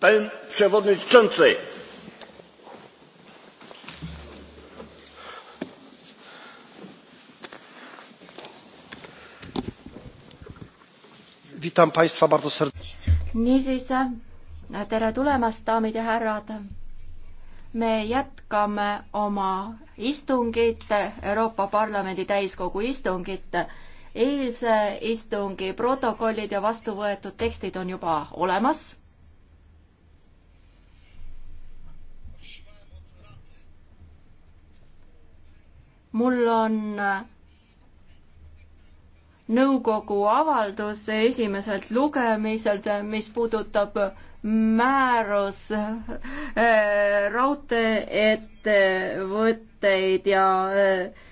Panie Przewodniczący! Witam Państwa bardzo serdecznie. Niisiis, tere tulemast, daamid ja härrad. me jätkame oma istungit, Euroopa Parlamendi täiskogu istungit eilse istungi protokollid ja vastu võetud tekstid on juba olemas mul on nõukogu avaldus esimeselt lugemiselt, mis puudutab määrus äh, raudteeettevõtteid ja äh,